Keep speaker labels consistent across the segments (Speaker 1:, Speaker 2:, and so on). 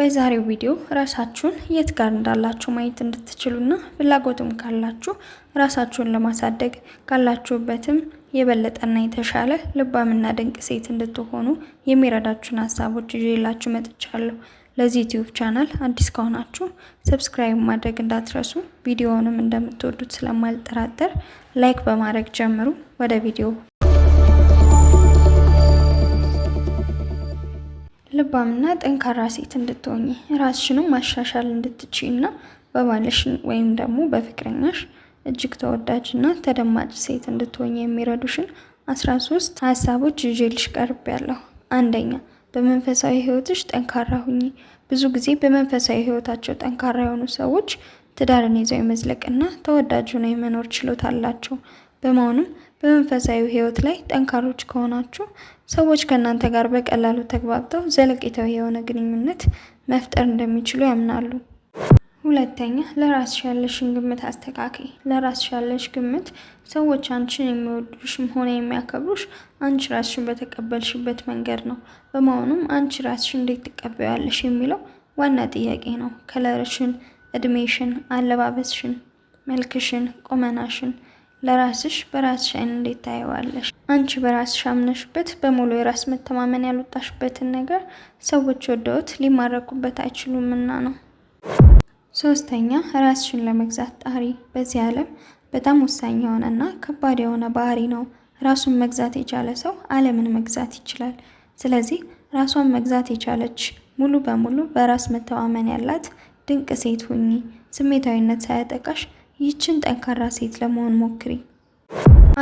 Speaker 1: በዛሬው ቪዲዮ ራሳችሁን የት ጋር እንዳላችሁ ማየት እንድትችሉና ፍላጎትም ካላችሁ ራሳችሁን ለማሳደግ ካላችሁበትም የበለጠና የተሻለ ልባምና ድንቅ ሴት እንድትሆኑ የሚረዳችሁን ሀሳቦች ይዤላችሁ መጥቻለሁ። ለዚህ ዩቲዩብ ቻናል አዲስ ከሆናችሁ ሰብስክራይብ ማድረግ እንዳትረሱ። ቪዲዮውንም እንደምትወዱት ስለማልጠራጠር ላይክ በማድረግ ጀምሩ። ወደ ቪዲዮ ልባምና ጠንካራ ሴት እንድትሆኝ ራስሽንም ማሻሻል እንድትችይ እና በባልሽ ወይም ደግሞ በፍቅረኛሽ እጅግ ተወዳጅ እና ተደማጭ ሴት እንድትሆኝ የሚረዱሽን ሶስት ሀሳቦች ይዤልሽ ቀርብ ያለሁ። አንደኛ በመንፈሳዊ ህይወትሽ ጠንካራ ሁኚ። ብዙ ጊዜ በመንፈሳዊ ህይወታቸው ጠንካራ የሆኑ ሰዎች ትዳርን ይዘው የመዝለቅና ተወዳጅ ሆነው የመኖር ችሎታ አላቸው። በመሆኑም በመንፈሳዊ ህይወት ላይ ጠንካሮች ከሆናችሁ ሰዎች ከእናንተ ጋር በቀላሉ ተግባብተው ዘለቄታዊ የሆነ ግንኙነት መፍጠር እንደሚችሉ ያምናሉ። ሁለተኛ፣ ለራስሽ ያለሽን ግምት አስተካክይ። ለራስሽ ያለሽ ግምት ሰዎች አንቺን የሚወዱሽም ሆነ የሚያከብሩሽ አንቺ ራስሽን በተቀበልሽበት መንገድ ነው። በመሆኑም አንቺ ራስሽ እንዴት ትቀበያለሽ የሚለው ዋና ጥያቄ ነው። ከለርሽን፣ እድሜሽን፣ አለባበስሽን፣ መልክሽን፣ ቁመናሽን ለራስሽ በራስሽ አይን እንዴት ታየዋለሽ? አንቺ በራስሽ አምነሽበት በሙሉ የራስ መተማመን ያልወጣሽበትን ነገር ሰዎች ወደውት ሊማረኩበት አይችሉምና ነው። ሶስተኛ ራስሽን ለመግዛት ጣሪ። በዚህ ዓለም በጣም ወሳኝ የሆነና ከባድ የሆነ ባህሪ ነው። ራሱን መግዛት የቻለ ሰው ዓለምን መግዛት ይችላል። ስለዚህ ራሷን መግዛት የቻለች ሙሉ በሙሉ በራስ መተማመን ያላት ድንቅ ሴት ሁኚ። ስሜታዊነት ሳያጠቃሽ ይችን ጠንካራ ሴት ለመሆን ሞክሪ።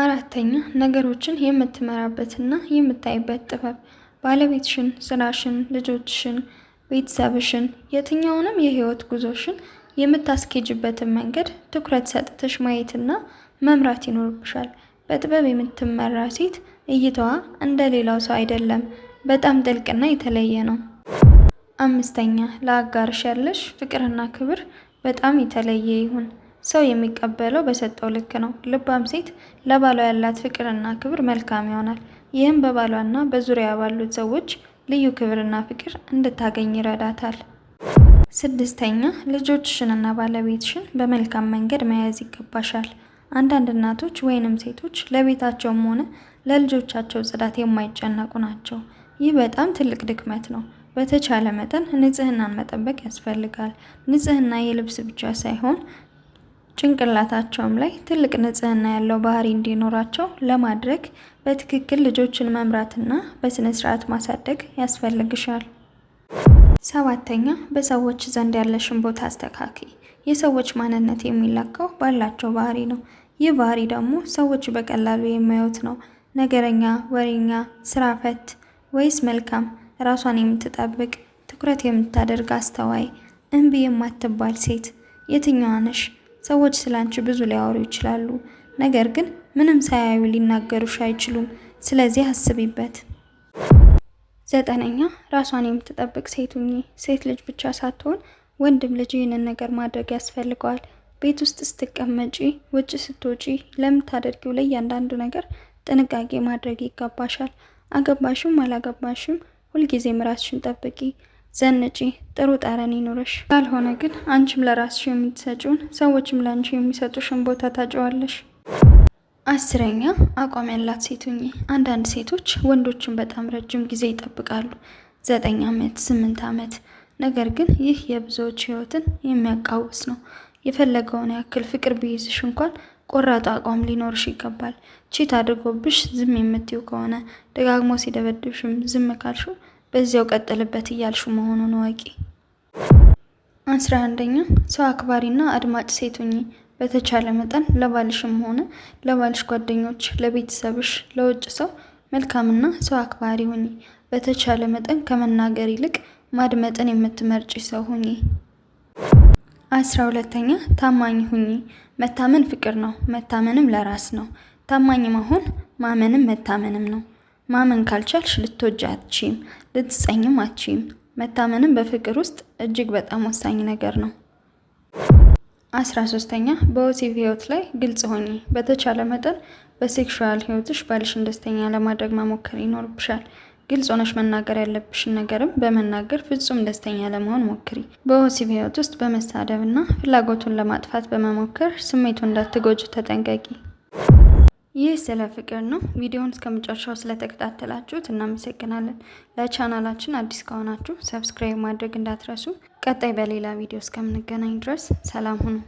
Speaker 1: አራተኛ ነገሮችን የምትመራበትና የምታይበት ጥበብ። ባለቤትሽን፣ ስራሽን፣ ልጆችሽን፣ ቤተሰብሽን፣ የትኛውንም የህይወት ጉዞሽን የምታስኬጅበትን መንገድ ትኩረት ሰጥተሽ ማየትና መምራት ይኖርብሻል። በጥበብ የምትመራ ሴት እይታዋ እንደ ሌላው ሰው አይደለም፣ በጣም ጥልቅና የተለየ ነው። አምስተኛ ለአጋርሽ ያለሽ ፍቅርና ክብር በጣም የተለየ ይሁን። ሰው የሚቀበለው በሰጠው ልክ ነው። ልባም ሴት ለባሏ ያላት ፍቅርና ክብር መልካም ይሆናል። ይህም በባሏና በዙሪያ ባሉት ሰዎች ልዩ ክብርና ፍቅር እንድታገኝ ይረዳታል። ስድስተኛ ልጆችሽንና ባለቤትሽን በመልካም መንገድ መያዝ ይገባሻል። አንዳንድ እናቶች ወይንም ሴቶች ለቤታቸውም ሆነ ለልጆቻቸው ጽዳት የማይጨነቁ ናቸው። ይህ በጣም ትልቅ ድክመት ነው። በተቻለ መጠን ንጽህናን መጠበቅ ያስፈልጋል። ንጽህና የልብስ ብቻ ሳይሆን ጭንቅላታቸውም ላይ ትልቅ ንጽህና ያለው ባህሪ እንዲኖራቸው ለማድረግ በትክክል ልጆችን መምራትና በስነ ስርዓት ማሳደግ ያስፈልግሻል። ሰባተኛ በሰዎች ዘንድ ያለሽን ቦታ አስተካኪ። የሰዎች ማንነት የሚለካው ባላቸው ባህሪ ነው። ይህ ባህሪ ደግሞ ሰዎች በቀላሉ የሚያዩት ነው። ነገረኛ፣ ወሬኛ፣ ስራ ፈት ወይስ መልካም፣ ራሷን የምትጠብቅ፣ ትኩረት የምታደርግ፣ አስተዋይ፣ እምቢ የማትባል ሴት የትኛዋ ነሽ? ሰዎች ስላንቺ ብዙ ሊያወሩ ይችላሉ፣ ነገር ግን ምንም ሳያዩ ሊናገሩሽ አይችሉም። ስለዚህ አስቢበት። ዘጠነኛ ራሷን የምትጠብቅ ሴት ሁኚ። ሴት ልጅ ብቻ ሳትሆን ወንድም ልጅ ይህንን ነገር ማድረግ ያስፈልገዋል። ቤት ውስጥ ስትቀመጪ፣ ውጭ ስትወጪ፣ ለምታደርጊው ለእያንዳንዱ ነገር ጥንቃቄ ማድረግ ይገባሻል። አገባሽም አላገባሽም ሁልጊዜም ራስሽን ጠብቂ። ዘንጪ፣ ጥሩ ጠረን ይኑረሽ። ካልሆነ ግን አንቺም ለራስሽ የምትሰጪውን ሰዎችም ለአንቺ የሚሰጡሽን ቦታ ታጨዋለሽ። አስረኛ አቋም ያላት ሴቱኝ አንዳንድ ሴቶች ወንዶችን በጣም ረጅም ጊዜ ይጠብቃሉ፣ ዘጠኝ ዓመት፣ ስምንት ዓመት። ነገር ግን ይህ የብዙዎች ህይወትን የሚያቃውስ ነው። የፈለገውን ያክል ፍቅር ቢይዝሽ እንኳን ቆራጡ አቋም ሊኖርሽ ይገባል። ቺት አድርጎብሽ ዝም የምትይው ከሆነ ደጋግሞ ሲደበድብሽም ዝም ካልሽው በዚያው ቀጥልበት እያልሹ መሆኑን ወቂ። አስራ አንደኛ ሰው አክባሪና አድማጭ ሴቱኝ። በተቻለ መጠን ለባልሽም ሆነ ለባልሽ ጓደኞች፣ ለቤተሰብሽ፣ ለውጭ ሰው መልካምና ሰው አክባሪ ሁኚ። በተቻለ መጠን ከመናገር ይልቅ ማድመጥን የምትመርጪ ሰው ሁኚ። አስራ ሁለተኛ ታማኝ ሁኚ። መታመን ፍቅር ነው፣ መታመንም ለራስ ነው። ታማኝ መሆን ማመንም መታመንም ነው። ማመን ካልቻልሽ ልትወጅ አትችም፣ ልትጸኝም አትችም። መታመንም በፍቅር ውስጥ እጅግ በጣም ወሳኝ ነገር ነው። አስራ ሶስተኛ በወሲብ ህይወት ላይ ግልጽ ሆኚ። በተቻለ መጠን በሴክሹዋል ህይወትሽ ባልሽን ደስተኛ ለማድረግ መሞከር ይኖርብሻል። ግልጽ ሆነሽ መናገር ያለብሽን ነገርም በመናገር ፍጹም ደስተኛ ለመሆን ሞክሪ። በወሲብ ህይወት ውስጥ በመሳደብና ፍላጎቱን ለማጥፋት በመሞከር ስሜቱ እንዳትጎጅ ተጠንቀቂ። ይህ ስለ ፍቅር ነው። ቪዲዮውን እስከ መጨረሻው ስለተከታተላችሁት እናመሰግናለን። ለቻናላችን አዲስ ከሆናችሁ ሰብስክራይብ ማድረግ እንዳትረሱ። ቀጣይ በሌላ ቪዲዮ እስከምንገናኝ ድረስ ሰላም ሁኑ።